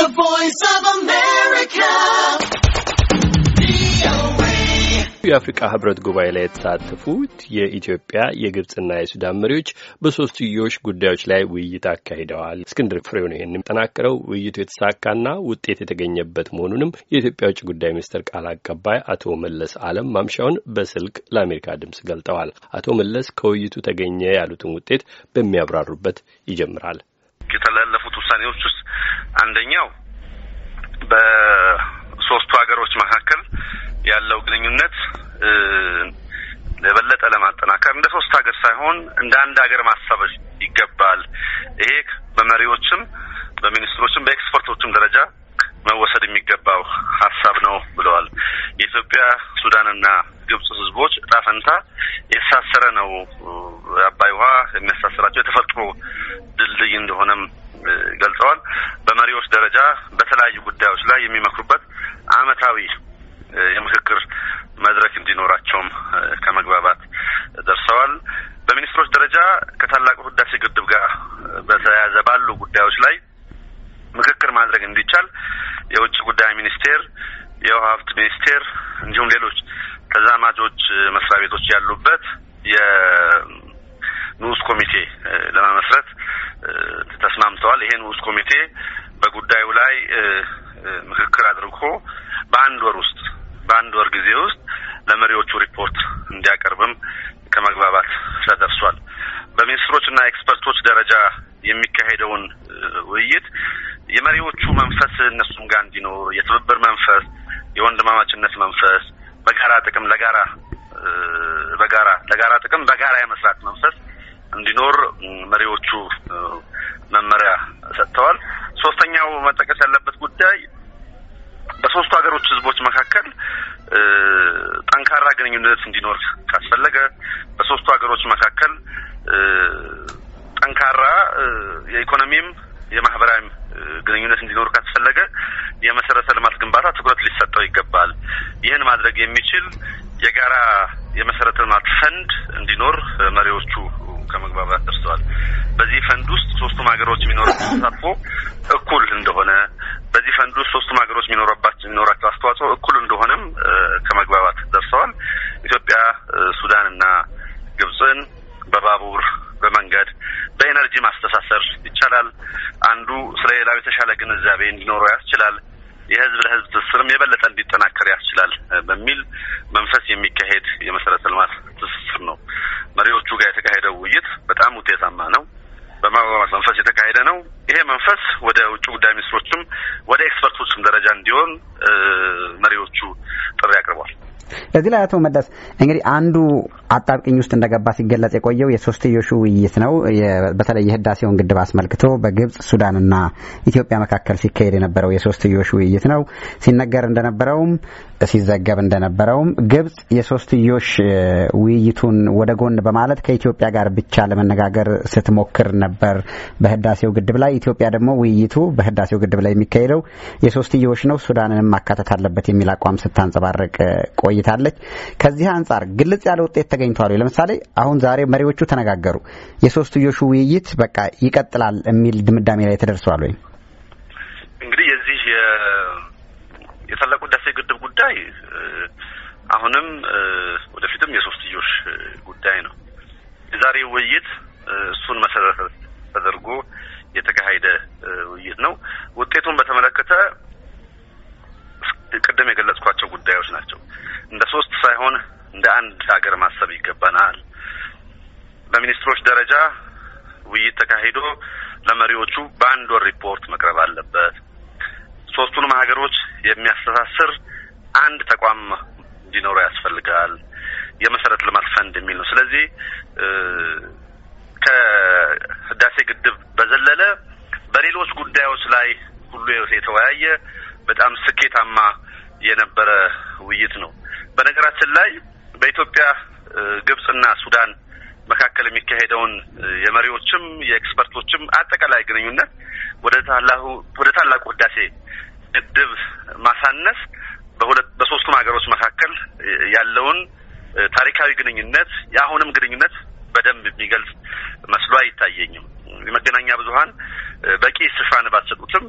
The Voice of America. የአፍሪካ ህብረት ጉባኤ ላይ የተሳተፉት የኢትዮጵያ የግብጽና የሱዳን መሪዎች በሶስትዮሽ ጉዳዮች ላይ ውይይት አካሂደዋል። እስክንድር ፍሬው ነው ይህን የሚጠናክረው። ውይይቱ የተሳካና ውጤት የተገኘበት መሆኑንም የኢትዮጵያ ውጭ ጉዳይ ሚኒስትር ቃል አቀባይ አቶ መለስ አለም ማምሻውን በስልክ ለአሜሪካ ድምጽ ገልጠዋል። አቶ መለስ ከውይይቱ ተገኘ ያሉትን ውጤት በሚያብራሩበት ይጀምራል። ውሳኔዎች ውስጥ አንደኛው በሶስቱ ሀገሮች መካከል ያለው ግንኙነት የበለጠ ለማጠናከር እንደ ሶስት ሀገር ሳይሆን እንደ አንድ ሀገር ማሰብ ይገባል። ይሄ በመሪዎችም በሚኒስትሮችም በኤክስፐርቶችም ደረጃ መወሰድ የሚገባው ሀሳብ ነው ብለዋል። የኢትዮጵያ ሱዳንና ግብጽ ህዝቦች እጣ ፈንታ የተሳሰረ ነው። አባይ ውሃ የሚያሳስራቸው የተፈጥሮ ድልድይ እንደሆነም ገልጸዋል። በመሪዎች ደረጃ በተለያዩ ጉዳዮች ላይ የሚመክሩበት አመታዊ የምክክር መድረክ እንዲኖራቸውም ከመግባባት ደርሰዋል። በሚኒስትሮች ደረጃ ከታላቁ ህዳሴ ግድብ ጋር በተያያዘ ባሉ ጉዳዮች ላይ ምክክር ማድረግ እንዲቻል የውጭ ጉዳይ ሚኒስቴር፣ የውሃ ሀብት ሚኒስቴር እንዲሁም ሌሎች ተዛማጆች መስሪያ ቤቶች ያሉበት የንዑስ ኮሚቴ ለመመስረት ተስማምተዋል። ይሄን ውስጥ ኮሚቴ በጉዳዩ ላይ ምክክር አድርጎ በአንድ ወር ውስጥ በአንድ ወር ጊዜ ውስጥ ለመሪዎቹ ሪፖርት እንዲያቀርብም ከመግባባት ተደርሷል። በሚኒስትሮች እና ኤክስፐርቶች ደረጃ የሚካሄደውን ውይይት የመሪዎቹ መንፈስ እነሱም ጋር እንዲኖር የትብብር መንፈስ፣ የወንድማማችነት መንፈስ፣ በጋራ ጥቅም ለጋራ በጋራ ለጋራ ጥቅም በጋራ የመስራት መንፈስ እንዲኖር መሪዎቹ መመሪያ ሰጥተዋል። ሶስተኛው መጠቀስ ያለበት ጉዳይ በሶስቱ ሀገሮች ህዝቦች መካከል ጠንካራ ግንኙነት እንዲኖር ካስፈለገ በሶስቱ ሀገሮች መካከል ጠንካራ የኢኮኖሚም የማህበራዊም ግንኙነት እንዲኖር ካስፈለገ የመሰረተ ልማት ግንባታ ትኩረት ሊሰጠው ይገባል። ይህን ማድረግ የሚችል የጋራ የመሰረተ ልማት ፈንድ እንዲኖር መሪዎቹ ከመግባባት ደርሰዋል። በዚህ ፈንድ ውስጥ ሶስቱም ሀገሮች የሚኖረው ተሳትፎ እኩል እንደሆነ በዚህ ፈንድ ውስጥ ሶስቱም ሀገሮች የሚኖረባቸው የሚኖራቸው አስተዋጽኦ እኩል እንደሆነም ከመግባባት ደርሰዋል። ኢትዮጵያ ሱዳንና ግብፅን በባቡር በመንገድ በኤነርጂ ማስተሳሰር ይቻላል። አንዱ ስለ ሌላው የተሻለ ግንዛቤ እንዲኖረው ያስችላል። የህዝብ ለህዝብ ትስስርም የበለጠ እንዲጠናከር ያስችላል በሚል መንፈስ የሚካሄድ የመሰረተ ልማት ትስስር ነው። መሪዎቹ ጋር ውጤታማ ነው። በማግባባት መንፈስ የተካሄደ ነው። ይሄ መንፈስ ወደ ውጭ ጉዳይ ሚኒስትሮችም ወደ ኤክስፐርቶችም ደረጃ እንዲሆን መሪዎቹ ጥሪ አቅርቧል። እዚህ ላይ አቶ መለስ እንግዲህ አንዱ አጣብቅኝ ውስጥ እንደገባ ሲገለጽ የቆየው የሶስትዮሹ ውይይት ነው። በተለይ የህዳሴውን ግድብ አስመልክቶ በግብጽ ሱዳንና ኢትዮጵያ መካከል ሲካሄድ የነበረው የሶስትዮሽ ውይይት ነው ሲነገር እንደነበረውም ሲዘገብ እንደነበረውም ግብጽ የሶስትዮሽ ውይይቱን ወደ ጎን በማለት ከኢትዮጵያ ጋር ብቻ ለመነጋገር ስትሞክር ነበር በህዳሴው ግድብ ላይ። ኢትዮጵያ ደግሞ ውይይቱ በህዳሴው ግድብ ላይ የሚካሄደው የሶስትዮሽ ነው፣ ሱዳንንም ማካተት አለበት የሚል አቋም ስታንጸባረቅ ቆየ ቆይታለች። ከዚህ አንጻር ግልጽ ያለ ውጤት ተገኝቷል። ለምሳሌ አሁን ዛሬ መሪዎቹ ተነጋገሩ። የሶስትዮሹ ውይይት በቃ ይቀጥላል የሚል ድምዳሜ ላይ ተደርሷል ወይም እንግዲህ የዚህ የታላቁ ህዳሴ ግድብ ጉዳይ አሁንም ወደፊትም የሶስትዮሽ ጉዳይ ነው። የዛሬ ውይይት እሱን መሰረት ተደርጎ የተካሄደ ውይይት ነው። ውጤቱን በተመለከተ ቅድም የገለጽኳቸው ጉዳዮች ናቸው። እንደ ሶስት ሳይሆን እንደ አንድ ሀገር ማሰብ ይገባናል። በሚኒስትሮች ደረጃ ውይይት ተካሂዶ ለመሪዎቹ በአንድ ወር ሪፖርት መቅረብ አለበት። ሶስቱንም ሀገሮች የሚያስተሳስር አንድ ተቋም እንዲኖረው ያስፈልጋል። የመሰረተ ልማት ፈንድ የሚል ነው። ስለዚህ ከህዳሴ ግድብ በዘለለ በሌሎች ጉዳዮች ላይ ሁሉ የተወያየ በጣም ስኬታማ የነበረ ውይይት ነው። በነገራችን ላይ በኢትዮጵያ ግብጽና ሱዳን መካከል የሚካሄደውን የመሪዎችም የኤክስፐርቶችም አጠቃላይ ግንኙነት ወደ ታላሁ ወደ ታላቁ ህዳሴ ግድብ ማሳነስ በሁለት በሶስቱም ሀገሮች መካከል ያለውን ታሪካዊ ግንኙነት የአሁንም ግንኙነት በደንብ የሚገልጽ መስሎ አይታየኝም። የመገናኛ ብዙኃን በቂ ሽፋን ባትሰጡትም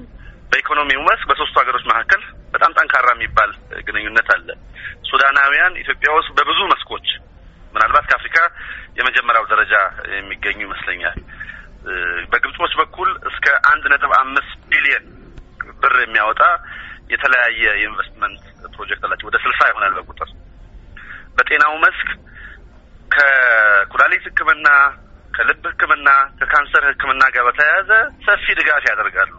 በኢኮኖሚው መስክ በሶስቱ ሀገሮች መካከል በጣም ጠንካራ የሚባል ግንኙነት አለ። ሱዳናውያን ኢትዮጵያ ውስጥ በብዙ መስኮች ምናልባት ከአፍሪካ የመጀመሪያው ደረጃ የሚገኙ ይመስለኛል። በግብጾች በኩል እስከ አንድ ነጥብ አምስት ቢሊየን ብር የሚያወጣ የተለያየ የኢንቨስትመንት ፕሮጀክት አላቸው። ወደ ስልሳ ይሆናል በቁጥር በጤናው መስክ ከኩላሊት ሕክምና ከልብ ሕክምና ከካንሰር ሕክምና ጋር በተያያዘ ሰፊ ድጋፍ ያደርጋሉ።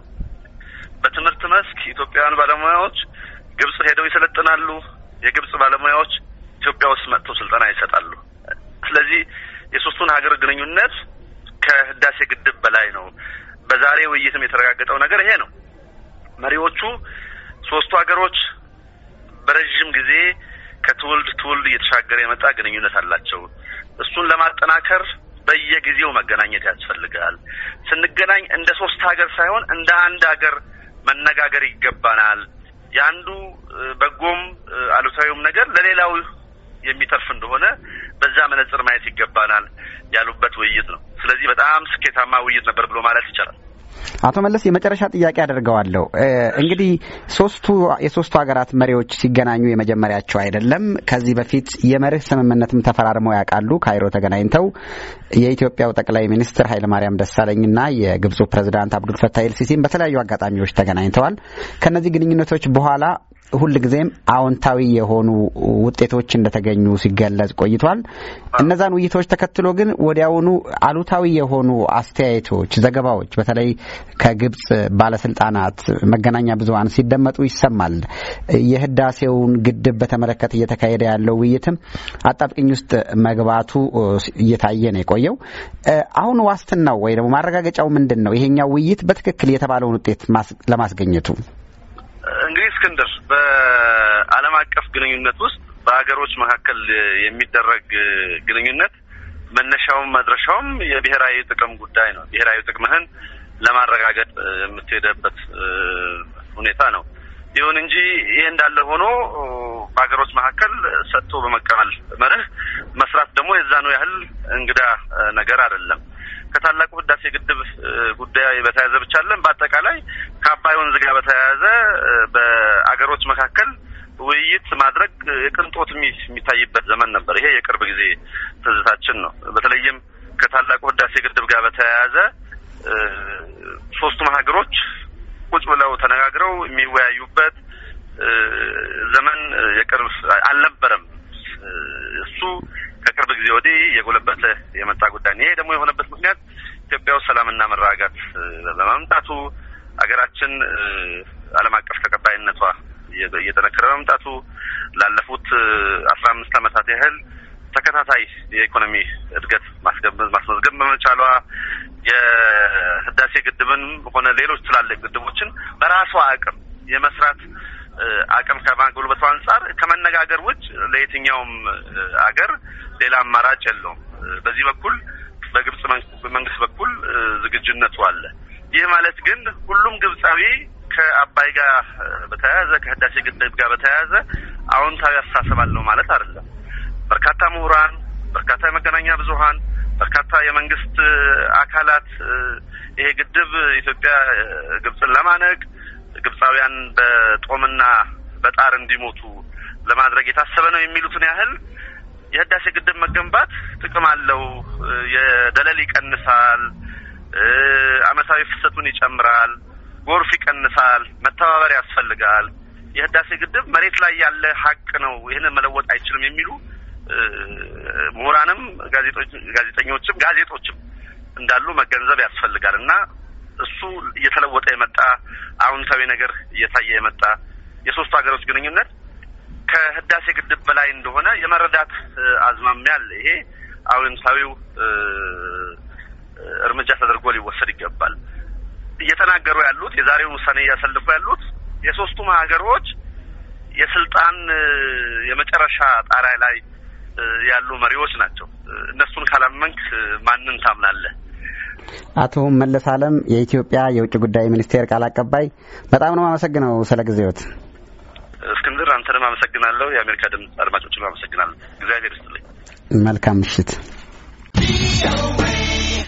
በትምህርት መስክ ኢትዮጵያውያን ባለሙያዎች ግብጽ ሄደው ይሰለጥናሉ። የግብጽ ባለሙያዎች ኢትዮጵያ ውስጥ መጥተው ስልጠና ይሰጣሉ። ስለዚህ የሶስቱን ሀገር ግንኙነት ከህዳሴ ግድብ በላይ ነው። በዛሬ ውይይትም የተረጋገጠው ነገር ይሄ ነው። መሪዎቹ ሶስቱ ሀገሮች በረዥም ጊዜ ከትውልድ ትውልድ እየተሻገረ የመጣ ግንኙነት አላቸው። እሱን ለማጠናከር በየጊዜው መገናኘት ያስፈልጋል። ስንገናኝ እንደ ሶስት ሀገር ሳይሆን እንደ አንድ ሀገር መነጋገር ይገባናል። የአንዱ በጎም አሉታዊውም ነገር ለሌላው የሚተርፍ እንደሆነ በዛ መነጽር ማየት ይገባናል ያሉበት ውይይት ነው። ስለዚህ በጣም ስኬታማ ውይይት ነበር ብሎ ማለት ይቻላል። አቶ መለስ የመጨረሻ ጥያቄ አደርገዋለሁ። እንግዲህ ሶስቱ የሶስቱ ሀገራት መሪዎች ሲገናኙ የመጀመሪያቸው አይደለም። ከዚህ በፊት የመርህ ስምምነትም ተፈራርመው ያውቃሉ። ካይሮ ተገናኝተው የኢትዮጵያው ጠቅላይ ሚኒስትር ኃይለማርያም ደሳለኝና የግብፁ ፕሬዚዳንት አብዱልፈታህ ኤልሲሲም በተለያዩ አጋጣሚዎች ተገናኝተዋል። ከእነዚህ ግንኙነቶች በኋላ ሁል ጊዜም አዎንታዊ የሆኑ ውጤቶች እንደተገኙ ሲገለጽ ቆይቷል። እነዛን ውይይቶች ተከትሎ ግን ወዲያውኑ አሉታዊ የሆኑ አስተያየቶች፣ ዘገባዎች በተለይ ከግብጽ ባለስልጣናት መገናኛ ብዙኃን ሲደመጡ ይሰማል። የህዳሴውን ግድብ በተመለከተ እየተካሄደ ያለው ውይይትም አጣብቅኝ ውስጥ መግባቱ እየታየ ነው የቆየው። አሁን ዋስትናው ወይ ደግሞ ማረጋገጫው ምንድን ነው? ይሄኛው ውይይት በትክክል የተባለውን ውጤት ለማስገኘቱ በዓለም አቀፍ ግንኙነት ውስጥ በሀገሮች መካከል የሚደረግ ግንኙነት መነሻውም መድረሻውም የብሔራዊ ጥቅም ጉዳይ ነው። ብሔራዊ ጥቅምህን ለማረጋገጥ የምትሄደበት ሁኔታ ነው። ይሁን እንጂ ይሄ እንዳለ ሆኖ በሀገሮች መካከል ሰጥቶ በመቀበል መርህ መስራት ደግሞ የዛኑ ያህል እንግዳ ነገር አይደለም። ከታላቁ ህዳሴ ግድብ ጉዳይ በተያያዘ ብቻለን በአጠቃላይ ከአባይ ወንዝ ጋር በተያያዘ የቅንጦት የሚታይበት ዘመን ነበር። ይሄ የቅርብ ጊዜ ትዝታችን ነው። በተለይም ከታላቁ ህዳሴ ግድብ ጋር በተያያዘ ሶስቱም ሀገሮች ቁጭ ብለው ተነጋግረው የሚወያዩበት ዘመን የቅርብ አልነበረም። እሱ ከቅርብ ጊዜ ወዲህ የጎለበተ የመጣ ጉዳይ ነው። ይሄ ደግሞ የሆነበት ምክንያት ኢትዮጵያ ውስጥ ሰላምና መረጋጋት በማምጣቱ ሀገራችን ዓለም አቀፍ ተቀባይነቷ እየጠነከረ መምጣቱ ላለፉት አስራ አምስት ዓመታት ያህል ተከታታይ የኢኮኖሚ እድገት ማስመዝገብ በመቻሏ የህዳሴ ግድብን ሆነ ሌሎች ትላልቅ ግድቦችን በራሷ አቅም የመስራት አቅም ከማጎልበቱ አንጻር ከመነጋገር ውጭ ለየትኛውም አገር ሌላ አማራጭ የለውም። በዚህ በኩል በግብጽ መንግስት በኩል ዝግጁነቱ አለ። ይህ ማለት ግን ሁሉም ግብጻዊ ከአባይ ጋር በተያያዘ ከህዳሴ ግድብ ጋር በተያያዘ አዎንታዊ አስተሳሰብ አለው ማለት አይደለም። በርካታ ምሁራን፣ በርካታ የመገናኛ ብዙሀን፣ በርካታ የመንግስት አካላት ይሄ ግድብ ኢትዮጵያ ግብፅን ለማነቅ ግብፃውያን በጦምና በጣር እንዲሞቱ ለማድረግ የታሰበ ነው የሚሉትን ያህል የህዳሴ ግድብ መገንባት ጥቅም አለው፣ የደለል ይቀንሳል፣ አመታዊ ፍሰቱን ይጨምራል ጎርፍ ይቀንሳል፣ መተባበር ያስፈልጋል፣ የህዳሴ ግድብ መሬት ላይ ያለ ሀቅ ነው፣ ይህንን መለወጥ አይችልም የሚሉ ምሁራንም ጋዜጠኞችም ጋዜጦችም እንዳሉ መገንዘብ ያስፈልጋል እና እሱ እየተለወጠ የመጣ አዎንታዊ ነገር እየታየ የመጣ የሶስቱ ሀገሮች ግንኙነት ከህዳሴ ግድብ በላይ እንደሆነ የመረዳት አዝማሚያ አለ። ይሄ አዎንታዊው እርምጃ ተደርጎ ሊወሰድ ይገባል። እየተናገሩ ያሉት የዛሬው ውሳኔ እያሳለፉ ያሉት የሶስቱም ሀገሮች የስልጣን የመጨረሻ ጣሪያ ላይ ያሉ መሪዎች ናቸው። እነሱን ካላመንክ ማንን ታምናለህ? አቶ መለስ አለም የኢትዮጵያ የውጭ ጉዳይ ሚኒስቴር ቃል አቀባይ፣ በጣም ነው አመሰግነው ስለ ጊዜዎት። እስክንድር አንተንም አመሰግናለሁ። የአሜሪካ ድምፅ አድማጮችም አመሰግናለሁ። እግዚአብሔር ይስጥልኝ። መልካም ምሽት።